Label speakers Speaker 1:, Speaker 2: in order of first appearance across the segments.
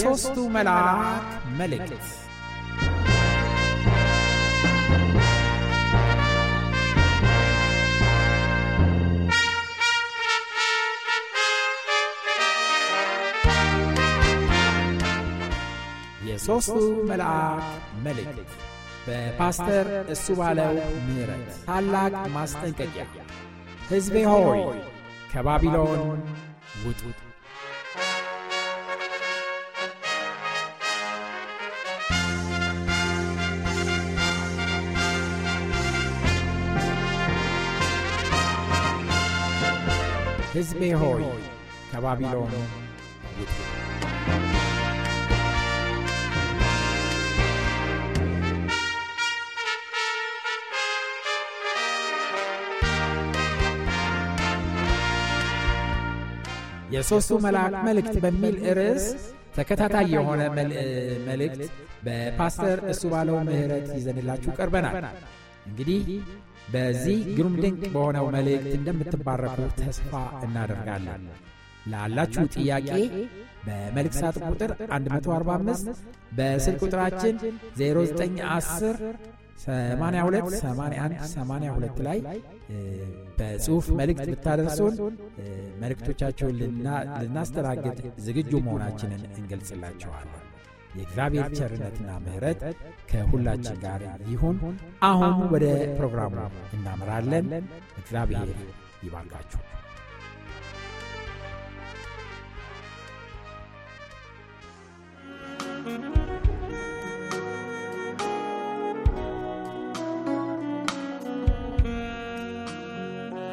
Speaker 1: የሦስቱ መልአክ መልእክት የሦስቱ መልአክ መልእክት በፓስተር እሱ ባለው ምረት ታላቅ ማስጠንቀቂያ ሕዝቤ ሆይ ከባቢሎን ውጡ ሕዝቤ ሆይ ከባቢሎን የሦስቱ መልአክ መልእክት በሚል ርዕስ ተከታታይ የሆነ መልእክት በፓስተር እሱ ባለው ምህረት ይዘንላችሁ ቀርበናል። እንግዲህ በዚህ ግሩም ድንቅ በሆነው መልእክት እንደምትባረኩ ተስፋ እናደርጋለን። ላላችሁ ጥያቄ በመልእክት ሳጥን ቁጥር 145 በስልክ ቁጥራችን 0910 82 81 82 ላይ በጽሁፍ መልእክት ብታደርሱን መልእክቶቻቸውን ልናስተናግድ ዝግጁ መሆናችንን እንገልጽላችኋለን። የእግዚአብሔር ቸርነትና ምሕረት ከሁላችን ጋር ይሁን። አሁን ወደ ፕሮግራሙ እናመራለን። እግዚአብሔር ይባርካችሁ።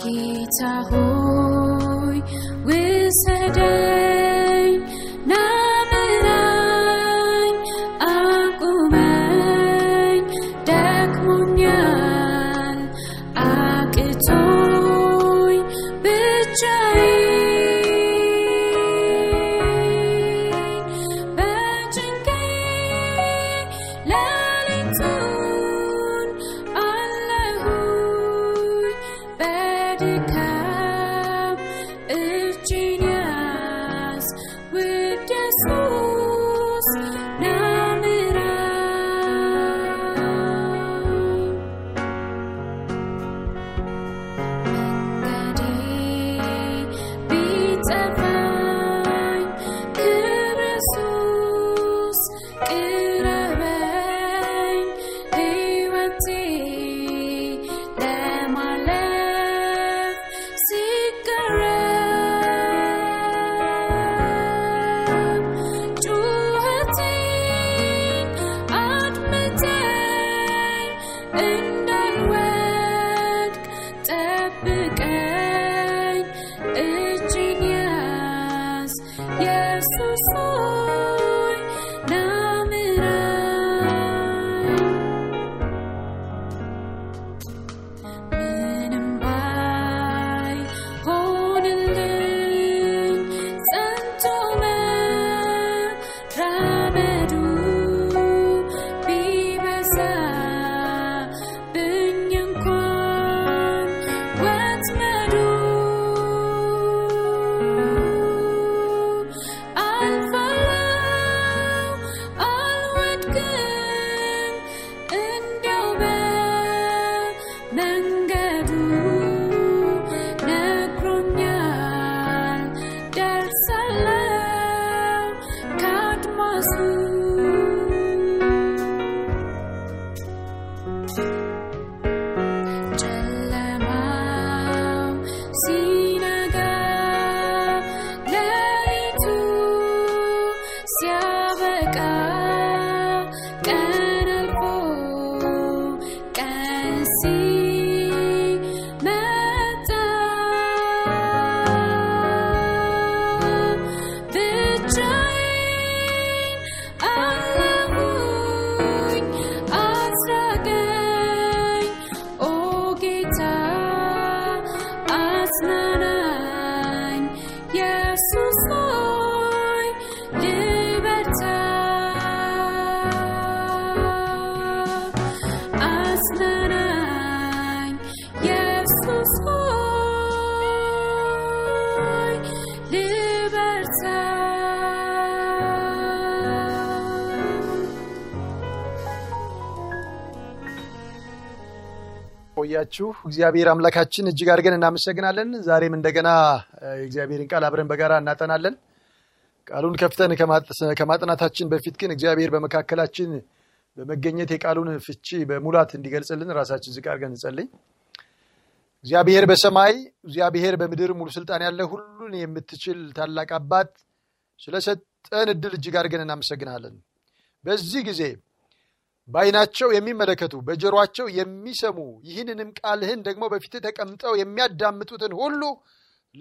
Speaker 2: ጌታ ሆይ ውሰደን not a
Speaker 3: ያቆያችሁ። እግዚአብሔር አምላካችን እጅግ አድርገን እናመሰግናለን። ዛሬም እንደገና የእግዚአብሔርን ቃል አብረን በጋራ እናጠናለን። ቃሉን ከፍተን ከማጥናታችን በፊት ግን እግዚአብሔር በመካከላችን በመገኘት የቃሉን ፍቺ በሙላት እንዲገልጽልን ራሳችን ዝቅ አድርገን እንጸልይ። እግዚአብሔር በሰማይ እግዚአብሔር በምድር ሙሉ ስልጣን ያለ ሁሉን የምትችል ታላቅ አባት ስለሰጠን እድል እጅግ አድርገን እናመሰግናለን። በዚህ ጊዜ በዓይናቸው የሚመለከቱ በጆሯቸው የሚሰሙ ይህንንም ቃልህን ደግሞ በፊት ተቀምጠው የሚያዳምጡትን ሁሉ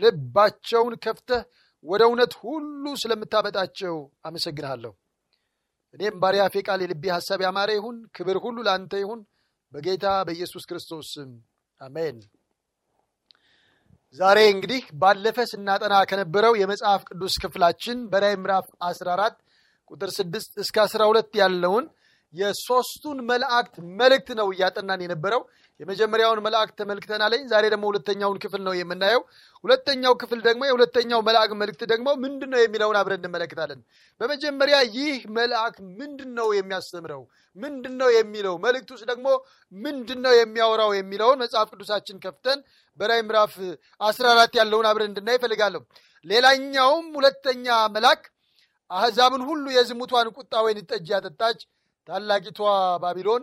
Speaker 3: ልባቸውን ከፍተህ ወደ እውነት ሁሉ ስለምታመጣቸው አመሰግንሃለሁ። እኔም ባሪያፌ ቃል የልቤ ሐሳብ ያማረ ይሁን። ክብር ሁሉ ለአንተ ይሁን በጌታ በኢየሱስ ክርስቶስ ስም አሜን። ዛሬ እንግዲህ ባለፈ ስናጠና ከነበረው የመጽሐፍ ቅዱስ ክፍላችን በራይ ምዕራፍ 14 ቁጥር 6 እስከ 12 ያለውን የሶስቱን መላእክት መልእክት ነው እያጠናን የነበረው። የመጀመሪያውን መላእክት ተመልክተናለኝ። ዛሬ ደግሞ ሁለተኛውን ክፍል ነው የምናየው። ሁለተኛው ክፍል ደግሞ የሁለተኛው መልአክ መልእክት ደግሞ ምንድን ነው የሚለውን አብረን እንመለከታለን። በመጀመሪያ ይህ መልአክ ምንድን ነው የሚያስተምረው፣ ምንድን ነው የሚለው፣ ውስጥ ደግሞ ምንድን ነው የሚያወራው የሚለውን መጽሐፍ ቅዱሳችን ከፍተን በራይ ምራፍ 14 ያለውን አብረን እንድና ይፈልጋለሁ ሌላኛውም ሁለተኛ መልአክ አህዛብን ሁሉ የዝሙቷን ቁጣ ወይን ጠጅ ያጠጣች ታላቂቷ ባቢሎን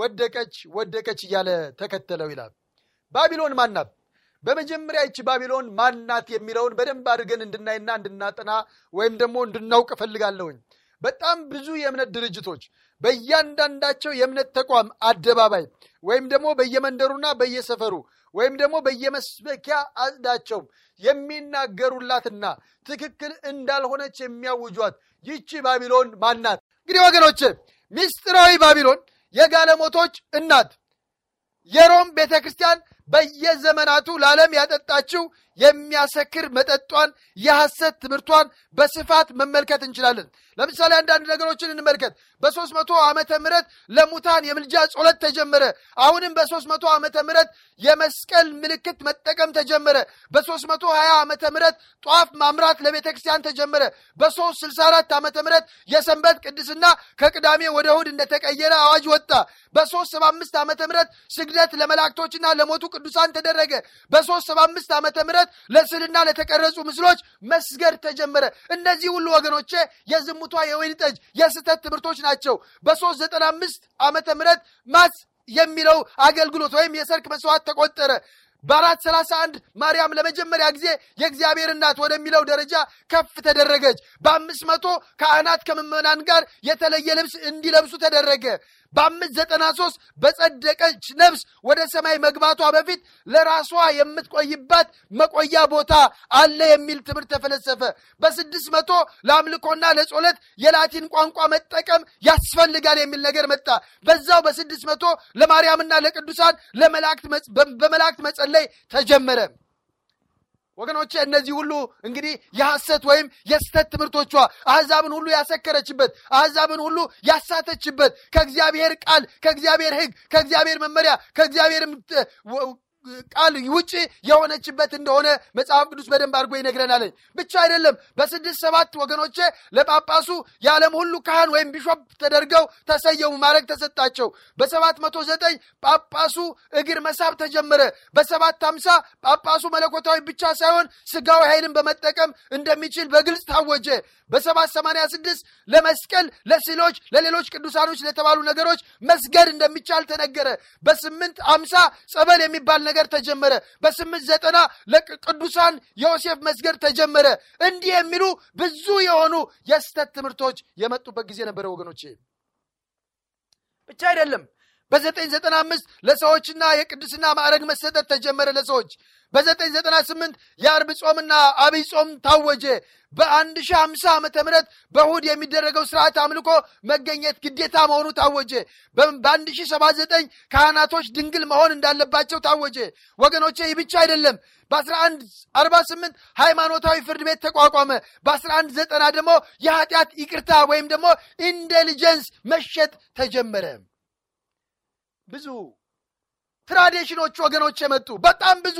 Speaker 3: ወደቀች ወደቀች እያለ ተከተለው ይላል። ባቢሎን ማናት? በመጀመሪያ ይቺ ባቢሎን ማናት የሚለውን በደንብ አድርገን እንድናይና እንድናጠና ወይም ደግሞ እንድናውቅ እፈልጋለሁኝ። በጣም ብዙ የእምነት ድርጅቶች በእያንዳንዳቸው የእምነት ተቋም አደባባይ ወይም ደግሞ በየመንደሩና በየሰፈሩ ወይም ደግሞ በየመስበኪያ አጽዳቸው የሚናገሩላትና ትክክል እንዳልሆነች የሚያውጇት ይቺ ባቢሎን ማናት? እንግዲህ ወገኖቼ ምስጢራዊ ባቢሎን የጋለሞቶች እናት የሮም ቤተ ክርስቲያን በየዘመናቱ ለዓለም ያጠጣችው የሚያሰክር መጠጧን፣ የሐሰት ትምህርቷን በስፋት መመልከት እንችላለን። ለምሳሌ አንዳንድ ነገሮችን እንመልከት። በሦስት መቶ ዓመተ ምህረት ለሙታን የምልጃ ጸሎት ተጀመረ። አሁንም በሦስት መቶ ዓመተ ምህረት የመስቀል ምልክት መጠቀም ተጀመረ። በሦስት መቶ ሀያ ዓመተ ምህረት ጧፍ ማምራት ለቤተ ክርስቲያን ተጀመረ። በሦስት ስልሳ አራት ዓመተ ምህረት የሰንበት ቅድስና ከቅዳሜ ወደ እሁድ እንደተቀየረ አዋጅ ወጣ። በሦስት ሰባ አምስት ዓመተ ምህረት ስግደት ለመላእክቶችና ለሞቱ ቅዱሳን ተደረገ። በሶስት ሰባ አምስት ዓመተ ምህረት ለስዕልና ለተቀረጹ ምስሎች መስገድ ተጀመረ። እነዚህ ሁሉ ወገኖቼ የዝሙቷ የወይን ጠጅ የስህተት ትምህርቶች ናቸው። በሶስት ዘጠና አምስት ዓመተ ምህረት ማስ የሚለው አገልግሎት ወይም የሰርክ መስዋዕት ተቆጠረ። በአራት ሰላሳ አንድ ማርያም ለመጀመሪያ ጊዜ የእግዚአብሔር እናት ወደሚለው ደረጃ ከፍ ተደረገች። በአምስት መቶ ካህናት ከምዕመናን ጋር የተለየ ልብስ እንዲለብሱ ተደረገ። በአምስት ዘጠና ሶስት በጸደቀች ነፍስ ወደ ሰማይ መግባቷ በፊት ለራሷ የምትቆይባት መቆያ ቦታ አለ የሚል ትምህርት ተፈለሰፈ። በስድስት መቶ ለአምልኮና ለጾለት የላቲን ቋንቋ መጠቀም ያስፈልጋል የሚል ነገር መጣ። በዛው በስድስት መቶ ለማርያምና ለቅዱሳን በመላእክት መጸለይ ተጀመረ። ወገኖቼ እነዚህ ሁሉ እንግዲህ የሐሰት ወይም የስተት ትምህርቶቿ አሕዛብን ሁሉ ያሰከረችበት፣ አሕዛብን ሁሉ ያሳተችበት ከእግዚአብሔር ቃል ከእግዚአብሔር ሕግ ከእግዚአብሔር መመሪያ ከእግዚአብሔር ቃል ውጭ የሆነችበት እንደሆነ መጽሐፍ ቅዱስ በደንብ አድርጎ ይነግረናል። ብቻ አይደለም በስድስት ሰባት ወገኖቼ ለጳጳሱ የዓለም ሁሉ ካህን ወይም ቢሾፕ ተደርገው ተሰየሙ፣ ማድረግ ተሰጣቸው። በሰባት መቶ ዘጠኝ ጳጳሱ እግር መሳብ ተጀመረ። በሰባት ሀምሳ ጳጳሱ መለኮታዊ ብቻ ሳይሆን ስጋዊ ኃይልን በመጠቀም እንደሚችል በግልጽ ታወጀ። በሰባት ሰማንያ ስድስት ለመስቀል ለስዕሎች፣ ለሌሎች ቅዱሳኖች ለተባሉ ነገሮች መስገድ እንደሚቻል ተነገረ። በስምንት ሀምሳ ጸበል የሚባል ነገር ነገር ተጀመረ። በስምንት ዘጠና ለቅዱሳን የዮሴፍ መስገድ ተጀመረ። እንዲህ የሚሉ ብዙ የሆኑ የስተት ትምህርቶች የመጡበት ጊዜ ነበረ ወገኖች። ብቻ አይደለም በ995 ለሰዎችና የቅድስና ማዕረግ መሰጠት ተጀመረ ለሰዎች በ998 የአርብ ጾምና አብይ ጾም ታወጀ በ 1050 ዓ. ም በእሁድ የሚደረገው ስርዓት አምልኮ መገኘት ግዴታ መሆኑ ታወጀ በ 1079 ካህናቶች ድንግል መሆን እንዳለባቸው ታወጀ ወገኖቼ ይህ ብቻ አይደለም በ1148 ሃይማኖታዊ ፍርድ ቤት ተቋቋመ በ1190 ደግሞ የኃጢአት ይቅርታ ወይም ደግሞ ኢንቴሊጀንስ መሸጥ ተጀመረ ብዙ ትራዲሽኖች ወገኖች የመጡ በጣም ብዙ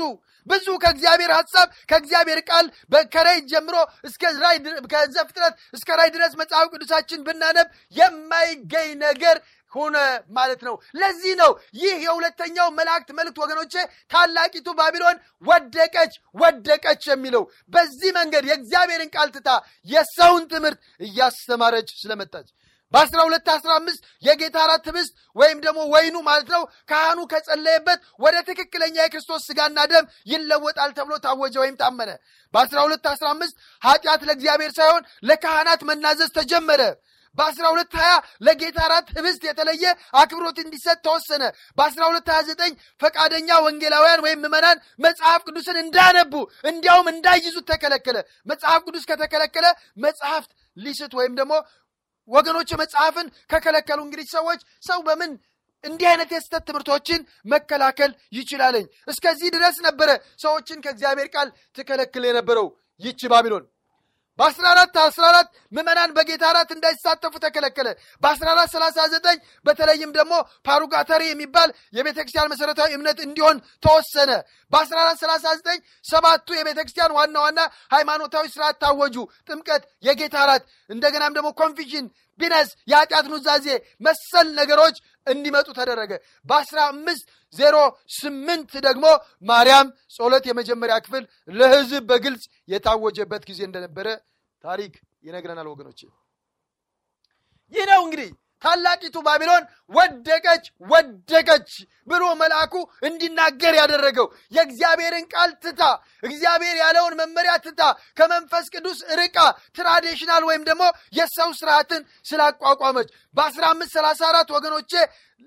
Speaker 3: ብዙ ከእግዚአብሔር ሀሳብ ከእግዚአብሔር ቃል ከራይ ጀምሮ እስከ ዘፍጥረት እስከ ራይ ድረስ መጽሐፍ ቅዱሳችን ብናነብ የማይገኝ ነገር ሆነ ማለት ነው። ለዚህ ነው ይህ የሁለተኛው መላእክት መልእክት ወገኖቼ፣ ታላቂቱ ባቢሎን ወደቀች ወደቀች የሚለው በዚህ መንገድ የእግዚአብሔርን ቃል ትታ የሰውን ትምህርት እያስተማረች ስለመጣች በ 1215 የጌታ አራት ህብስት ወይም ደግሞ ወይኑ ማለት ነው ካህኑ ከጸለየበት ወደ ትክክለኛ የክርስቶስ ስጋና ደም ይለወጣል ተብሎ ታወጀ ወይም ታመነ። በ በ1215 ኃጢአት ለእግዚአብሔር ሳይሆን ለካህናት መናዘዝ ተጀመረ። በ በ1220 ለጌታ አራት ህብስት የተለየ አክብሮት እንዲሰጥ ተወሰነ። በ በ1229 ፈቃደኛ ወንጌላውያን ወይም ምዕመናን መጽሐፍ ቅዱስን እንዳነቡ እንዲያውም እንዳይዙት ተከለከለ። መጽሐፍ ቅዱስ ከተከለከለ መጽሐፍት ሊስት ወይም ደግሞ ወገኖች መጽሐፍን ከከለከሉ እንግዲህ ሰዎች ሰው በምን እንዲህ አይነት የስተት ትምህርቶችን መከላከል ይችላለኝ? እስከዚህ ድረስ ነበረ ሰዎችን ከእግዚአብሔር ቃል ትከለክል የነበረው ይቺ ባቢሎን። በአስራ አራት አስራ አራት ምዕመናን በጌታ አራት እንዳይሳተፉ ተከለከለ። በአስራ አራት ሰላሳ ዘጠኝ በተለይም ደግሞ ፓሩጋተሪ የሚባል የቤተ ክርስቲያን መሠረታዊ እምነት እንዲሆን ተወሰነ። በአስራ አራት ሰላሳ ዘጠኝ ሰባቱ የቤተ ክርስቲያን ዋና ዋና ሃይማኖታዊ ስርዓት ታወጁ። ጥምቀት፣ የጌታ አራት እንደገናም ደግሞ ኮንፊሽን ቢነስ የኃጢአት ኑዛዜ መሰል ነገሮች እንዲመጡ ተደረገ። በ 1508 ደግሞ ማርያም ጸሎት የመጀመሪያ ክፍል ለህዝብ በግልጽ የታወጀበት ጊዜ እንደነበረ ታሪክ ይነግረናል። ወገኖቼ ይህ ነው እንግዲህ ታላቂቱ ባቢሎን ወደቀች ወደቀች ብሎ መልአኩ እንዲናገር ያደረገው የእግዚአብሔርን ቃል ትታ እግዚአብሔር ያለውን መመሪያ ትታ ከመንፈስ ቅዱስ ርቃ ትራዲሽናል ወይም ደግሞ የሰው ስርዓትን ስላቋቋመች በ1534 ወገኖቼ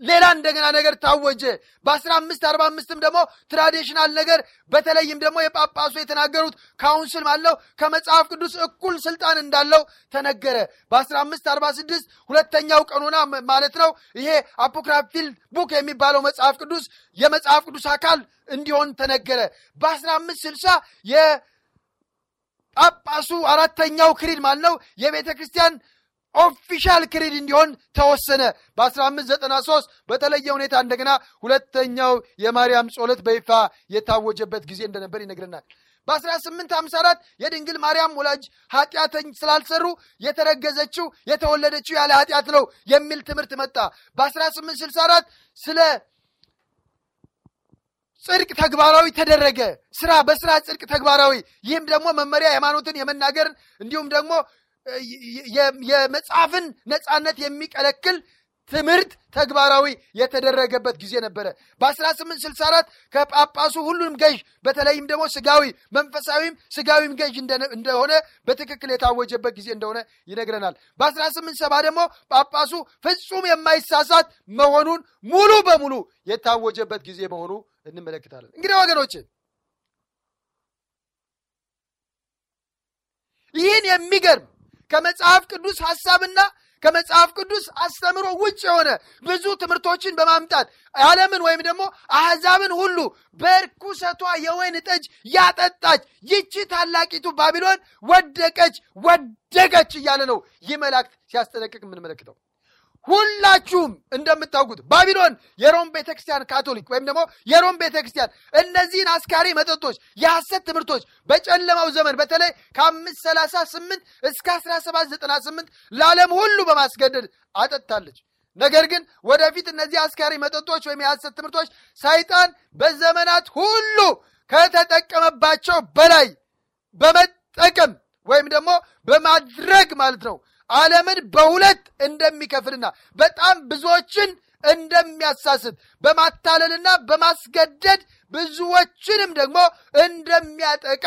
Speaker 3: ሌላ እንደገና ነገር ታወጀ። በ በ1545 ደግሞ ትራዲሽናል ነገር በተለይም ደግሞ የጳጳሱ የተናገሩት ካውንስል አለው ከመጽሐፍ ቅዱስ እኩል ስልጣን እንዳለው ተነገረ። በ በ1546 ሁለተኛው ቀኖና ማለት ነው ይሄ አፖክራፊል ቡክ የሚባለው መጽሐፍ ቅዱስ የመጽሐፍ ቅዱስ አካል እንዲሆን ተነገረ። በ በ1560 የጳጳሱ አራተኛው ክሪድ ነው የቤተ ክርስቲያን ኦፊሻል ክሪድ እንዲሆን ተወሰነ። በ1593 በተለየ ሁኔታ እንደገና ሁለተኛው የማርያም ጸሎት በይፋ የታወጀበት ጊዜ እንደነበር ይነግረናል። በ1854 የድንግል ማርያም ወላጅ ኃጢአተኝ ስላልሰሩ የተረገዘችው የተወለደችው ያለ ኃጢአት ነው የሚል ትምህርት መጣ። በ1864 ስለ ጽድቅ ተግባራዊ ተደረገ። ስራ በስራ ጽድቅ ተግባራዊ። ይህም ደግሞ መመሪያ ሃይማኖትን የመናገርን እንዲሁም ደግሞ የመጽሐፍን ነፃነት የሚቀለክል ትምህርት ተግባራዊ የተደረገበት ጊዜ ነበረ። በ1864 ከጳጳሱ ሁሉንም ገዥ በተለይም ደግሞ ስጋዊ መንፈሳዊም ስጋዊም ገዥ እንደሆነ በትክክል የታወጀበት ጊዜ እንደሆነ ይነግረናል። በ1870 ደግሞ ጳጳሱ ፍጹም የማይሳሳት መሆኑን ሙሉ በሙሉ የታወጀበት ጊዜ መሆኑ እንመለከታለን። እንግዲህ ወገኖችን ይህን የሚገርም ከመጽሐፍ ቅዱስ ሐሳብና ከመጽሐፍ ቅዱስ አስተምሮ ውጭ የሆነ ብዙ ትምህርቶችን በማምጣት ዓለምን ወይም ደግሞ አሕዛብን ሁሉ በርኩሰቷ የወይን ጠጅ ያጠጣች ይቺ ታላቂቱ ባቢሎን ወደቀች፣ ወደቀች እያለ ነው ይህ መላእክት ሲያስጠነቅቅ የምንመለክተው። ሁላችሁም እንደምታውቁት ባቢሎን የሮም ቤተክርስቲያን ካቶሊክ ወይም ደግሞ የሮም ቤተክርስቲያን እነዚህን አስካሪ መጠጦች፣ የሐሰት ትምህርቶች በጨለማው ዘመን በተለይ ከአምስት ሰላሳ ስምንት እስከ አስራ ሰባት ዘጠና ስምንት ለዓለም ሁሉ በማስገደድ አጠጥታለች። ነገር ግን ወደፊት እነዚህ አስካሪ መጠጦች ወይም የሐሰት ትምህርቶች ሰይጣን በዘመናት ሁሉ ከተጠቀመባቸው በላይ በመጠቀም ወይም ደግሞ በማድረግ ማለት ነው ዓለምን በሁለት እንደሚከፍልና በጣም ብዙዎችን እንደሚያሳስብ በማታለልና በማስገደድ ብዙዎችንም ደግሞ እንደሚያጠቃ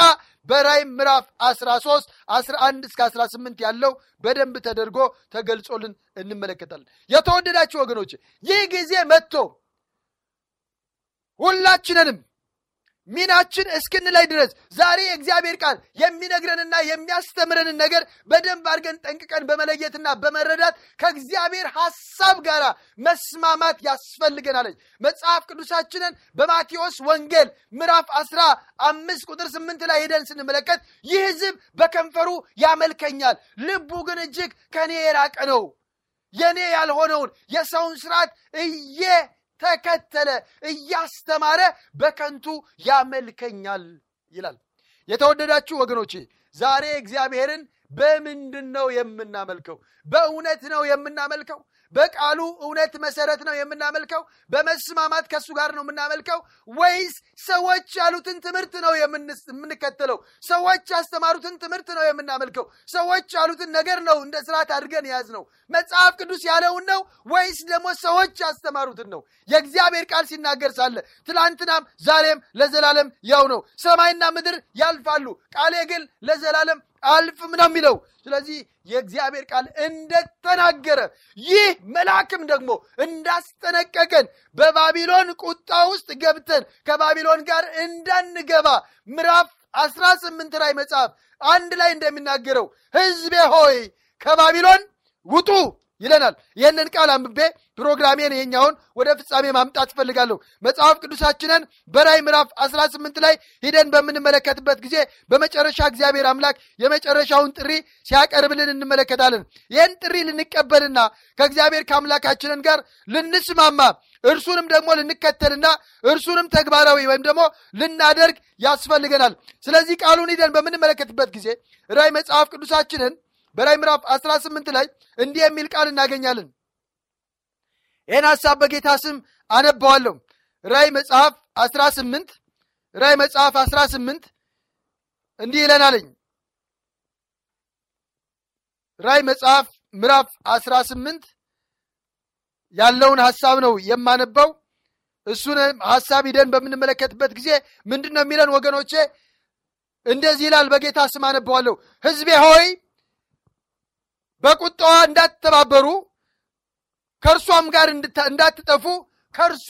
Speaker 3: በራይ ምዕራፍ 13 11 እስከ 18 ያለው በደንብ ተደርጎ ተገልጾልን እንመለከታለን። የተወደዳችሁ ወገኖች ይህ ጊዜ መጥቶ ሁላችንንም ሚናችን እስክንለይ ድረስ ዛሬ የእግዚአብሔር ቃል የሚነግረንና የሚያስተምረንን ነገር በደንብ አድርገን ጠንቅቀን በመለየትና በመረዳት ከእግዚአብሔር ሐሳብ ጋር መስማማት ያስፈልገናለች። መጽሐፍ ቅዱሳችንን በማቴዎስ ወንጌል ምዕራፍ አስራ አምስት ቁጥር ስምንት ላይ ሄደን ስንመለከት ይህ ሕዝብ በከንፈሩ ያመልከኛል፣ ልቡ ግን እጅግ ከእኔ የራቀ ነው። የእኔ ያልሆነውን የሰውን ስርዓት እየ ተከተለ፣ እያስተማረ በከንቱ ያመልከኛል ይላል። የተወደዳችሁ ወገኖቼ ዛሬ እግዚአብሔርን በምንድን ነው የምናመልከው? በእውነት ነው የምናመልከው? በቃሉ እውነት መሰረት ነው የምናመልከው? በመስማማት ከእሱ ጋር ነው የምናመልከው? ወይስ ሰዎች ያሉትን ትምህርት ነው የምንከተለው? ሰዎች ያስተማሩትን ትምህርት ነው የምናመልከው? ሰዎች ያሉትን ነገር ነው እንደ ስርዓት አድርገን የያዝ ነው? መጽሐፍ ቅዱስ ያለውን ነው ወይስ ደግሞ ሰዎች ያስተማሩትን ነው? የእግዚአብሔር ቃል ሲናገር ሳለ ትላንትናም ዛሬም ለዘላለም ያው ነው። ሰማይና ምድር ያልፋሉ፣ ቃሌ ግን ለዘላለም አልፍም ነው የሚለው። ስለዚህ የእግዚአብሔር ቃል እንደተናገረ ይህ መልአክም ደግሞ እንዳስጠነቀቀን በባቢሎን ቁጣ ውስጥ ገብተን ከባቢሎን ጋር እንዳንገባ ምዕራፍ አስራ ስምንት ላይ መጽሐፍ አንድ ላይ እንደሚናገረው ሕዝቤ ሆይ ከባቢሎን ውጡ ይለናል። ይህንን ቃል አንብቤ ፕሮግራሜን ይሄኛውን ወደ ፍጻሜ ማምጣት እፈልጋለሁ። መጽሐፍ ቅዱሳችንን በራይ ምዕራፍ 18 ላይ ሂደን በምንመለከትበት ጊዜ በመጨረሻ እግዚአብሔር አምላክ የመጨረሻውን ጥሪ ሲያቀርብልን እንመለከታለን። ይህን ጥሪ ልንቀበልና ከእግዚአብሔር ከአምላካችንን ጋር ልንስማማ እርሱንም ደግሞ ልንከተልና እርሱንም ተግባራዊ ወይም ደግሞ ልናደርግ ያስፈልገናል። ስለዚህ ቃሉን ሂደን በምንመለከትበት ጊዜ ራይ መጽሐፍ ቅዱሳችንን በራይ ምዕራፍ 18 ላይ እንዲህ የሚል ቃል እናገኛለን። ይህን ሐሳብ በጌታ ስም አነባዋለሁ። ራይ መጽሐፍ 18 ራይ መጽሐፍ 18 እንዲህ ይለናለኝ። ራይ መጽሐፍ ምዕራፍ 18 ያለውን ሐሳብ ነው የማነባው። እሱን ሐሳብ ሂደን በምንመለከትበት ጊዜ ምንድን ነው የሚለን ወገኖቼ? እንደዚህ ይላል። በጌታ ስም አነባዋለሁ። ህዝቤ ሆይ በቁጣዋ እንዳትተባበሩ ከእርሷም ጋር እንዳትጠፉ ከእርሷ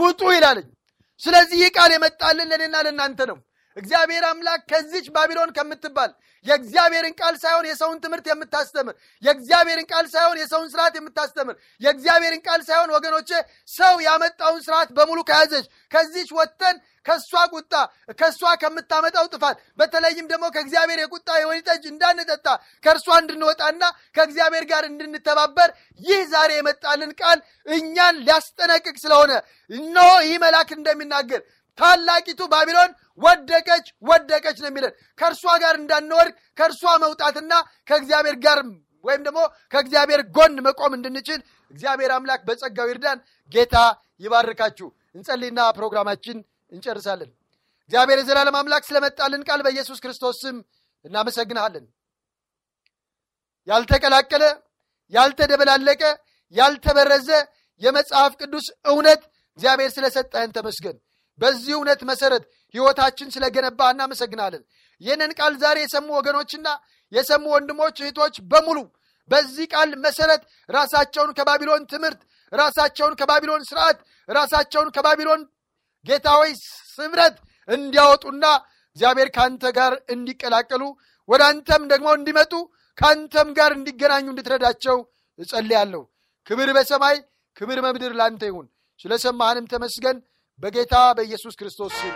Speaker 3: ውጡ ይላለኝ። ስለዚህ ይህ ቃል የመጣልን ለእኔና ለእናንተ ነው። እግዚአብሔር አምላክ ከዚች ባቢሎን ከምትባል የእግዚአብሔርን ቃል ሳይሆን የሰውን ትምህርት የምታስተምር፣ የእግዚአብሔርን ቃል ሳይሆን የሰውን ስርዓት የምታስተምር፣ የእግዚአብሔርን ቃል ሳይሆን ወገኖቼ ሰው ያመጣውን ስርዓት በሙሉ ከያዘች ከዚች ወጥተን ከእሷ ቁጣ ከእሷ ከምታመጣው ጥፋት በተለይም ደግሞ ከእግዚአብሔር የቁጣ የወይን ጠጅ እንዳንጠጣ ከእርሷ እንድንወጣና ከእግዚአብሔር ጋር እንድንተባበር ይህ ዛሬ የመጣልን ቃል እኛን ሊያስጠነቅቅ ስለሆነ እነሆ ይህ መልአክ እንደሚናገር ታላቂቱ ባቢሎን ወደቀች ወደቀች ነው የሚለን። ከእርሷ ጋር እንዳንወድቅ ከእርሷ መውጣትና ከእግዚአብሔር ጋር ወይም ደግሞ ከእግዚአብሔር ጎን መቆም እንድንችል እግዚአብሔር አምላክ በጸጋው ይርዳን። ጌታ ይባርካችሁ። እንጸልይና ፕሮግራማችን እንጨርሳለን። እግዚአብሔር የዘላለም አምላክ ስለመጣልን ቃል በኢየሱስ ክርስቶስ ስም እናመሰግናሃለን ያልተቀላቀለ፣ ያልተደበላለቀ፣ ያልተበረዘ የመጽሐፍ ቅዱስ እውነት እግዚአብሔር ስለሰጠህን ተመስገን። በዚህ እውነት መሰረት ህይወታችን ስለገነባ እናመሰግናለን። ይህንን ቃል ዛሬ የሰሙ ወገኖችና የሰሙ ወንድሞች እህቶች በሙሉ በዚህ ቃል መሰረት ራሳቸውን ከባቢሎን ትምህርት፣ ራሳቸውን ከባቢሎን ስርዓት፣ ራሳቸውን ከባቢሎን ወይ ስብረት እንዲያወጡና እግዚአብሔር ከአንተ ጋር እንዲቀላቀሉ ወደ አንተም ደግሞ እንዲመጡ ከአንተም ጋር እንዲገናኙ እንድትረዳቸው እጸልያለሁ። ክብር በሰማይ ክብር በምድር ላንተ ይሁን። ሰማህንም ተመስገን በጌታ በኢየሱስ ክርስቶስ ስም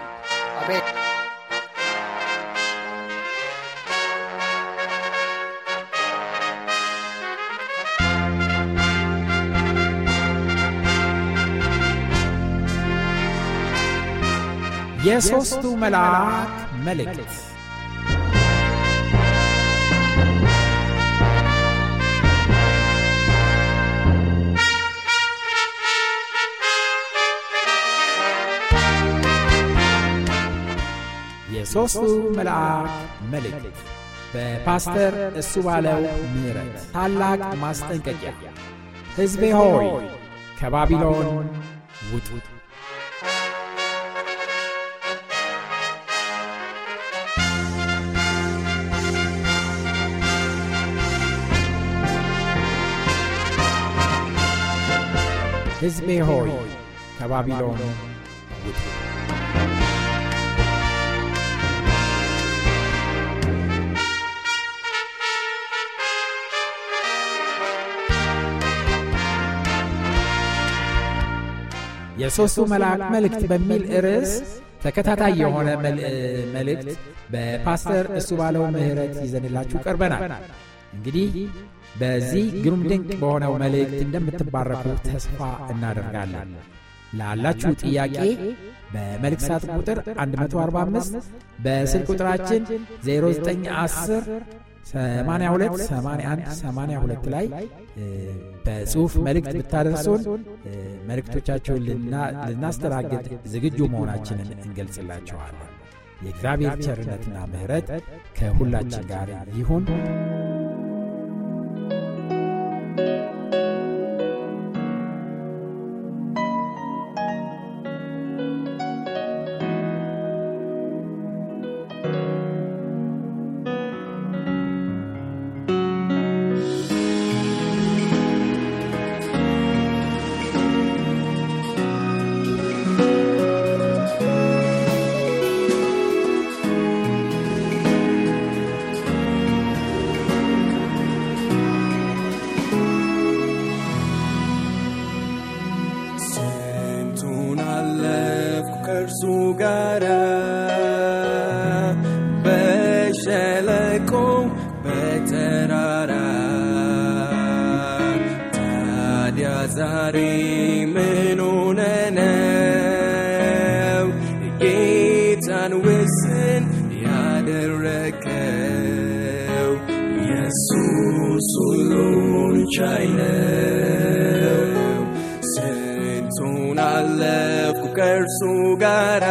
Speaker 1: የሦስቱ መልአክ መልእክት የሦስቱ መልአክ መልእክት በፓስተር እሱ ባለው ምረት ታላቅ ማስጠንቀቂያ ሕዝቤ ሆይ ከባቢሎን ውጡ። ሕዝቤ ሆይ ከባቢሎን ውጡ። የሦስቱ መልአክ መልእክት በሚል ርዕስ ተከታታይ የሆነ መልእክት በፓስተር እሱ ባለው ምህረት ይዘንላችሁ ቀርበናል። እንግዲህ በዚህ ግሩም ድንቅ በሆነው መልእክት እንደምትባረኩ ተስፋ እናደርጋለን። ላላችሁ ጥያቄ በመልእክት ሳጥን ቁጥር 145 በስልክ ቁጥራችን 0910 82 81 82 ላይ በጽሁፍ መልእክት ብታደርሱን መልእክቶቻቸውን ልናስተናግድ ዝግጁ መሆናችንን እንገልጽላችኋለን። የእግዚአብሔር ቸርነትና ምህረት ከሁላችን ጋር ይሁን።
Speaker 4: ሳይቆም በተራራ ታዲያ ዛሬ ምን ነው ጌታን ውስን ያደረከው ኢየሱስ ሁሉን ቻይ ነው። ስንቱን አለፍኩ ከእርሱ ጋራ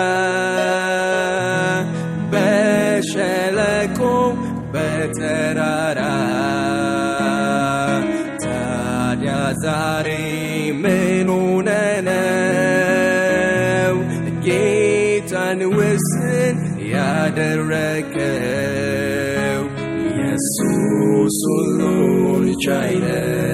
Speaker 4: solo noi c'hai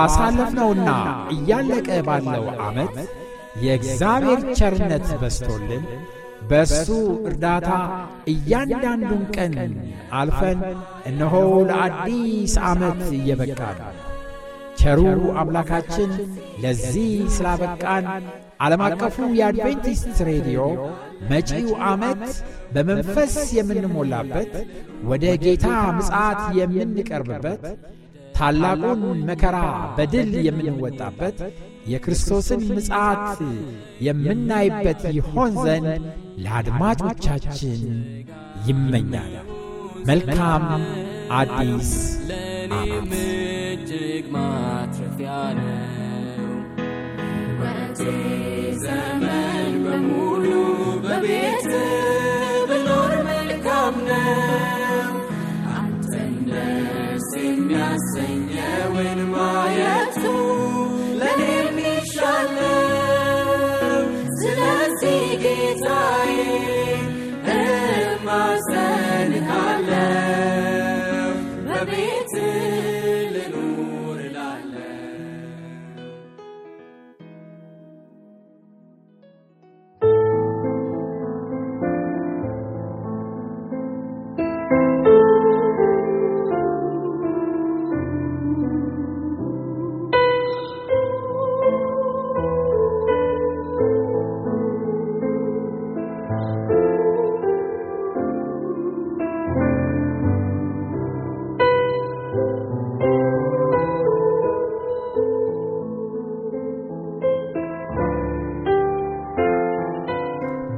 Speaker 4: ባሳለፍነውና እያለቀ ባለው ዓመት የእግዚአብሔር ቸርነት በስቶልን በእሱ
Speaker 1: እርዳታ እያንዳንዱን ቀን አልፈን እነሆ ለአዲስ ዓመት እየበቃል ቸሩ አምላካችን ለዚህ ስላበቃን ዓለም አቀፉ የአድቬንቲስት ሬዲዮ መጪው ዓመት በመንፈስ የምንሞላበት ወደ ጌታ ምጽዓት የምንቀርብበት ታላቁን መከራ በድል የምንወጣበት የክርስቶስን ምጻት የምናይበት ይሆን ዘንድ ለአድማጮቻችን ይመኛል። መልካም አዲስ
Speaker 4: ዓመት! ማትረፊያ ነው ዘመን በሙሉ በቤት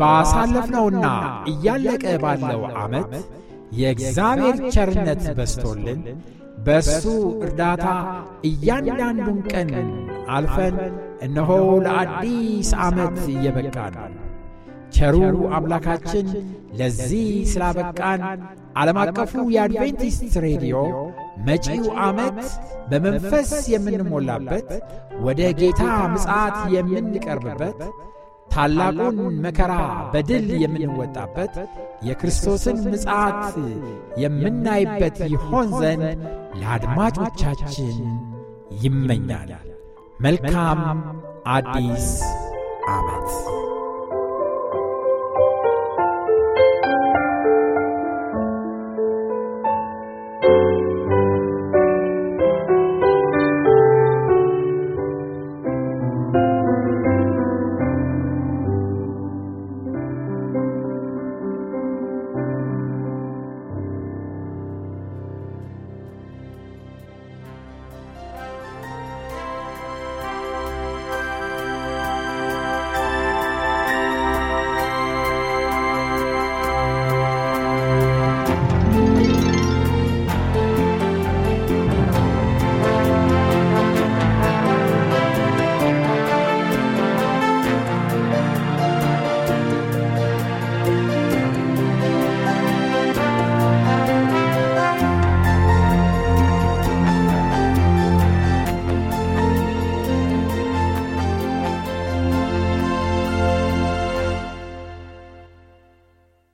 Speaker 1: ባሳለፍነውና እያለቀ ባለው ዓመት የእግዚአብሔር ቸርነት በስቶልን በእሱ እርዳታ እያንዳንዱን ቀን አልፈን እነሆ ለአዲስ ዓመት እየበቃን ቸሩ አምላካችን ለዚህ ስላበቃን ዓለም አቀፉ የአድቬንቲስት ሬዲዮ መጪው ዓመት በመንፈስ የምንሞላበት ወደ ጌታ ምጽዓት የምንቀርብበት ታላቁን መከራ በድል የምንወጣበት የክርስቶስን ምጽዓት የምናይበት ይሆን ዘንድ ለአድማጮቻችን ይመኛል። መልካም አዲስ ዓመት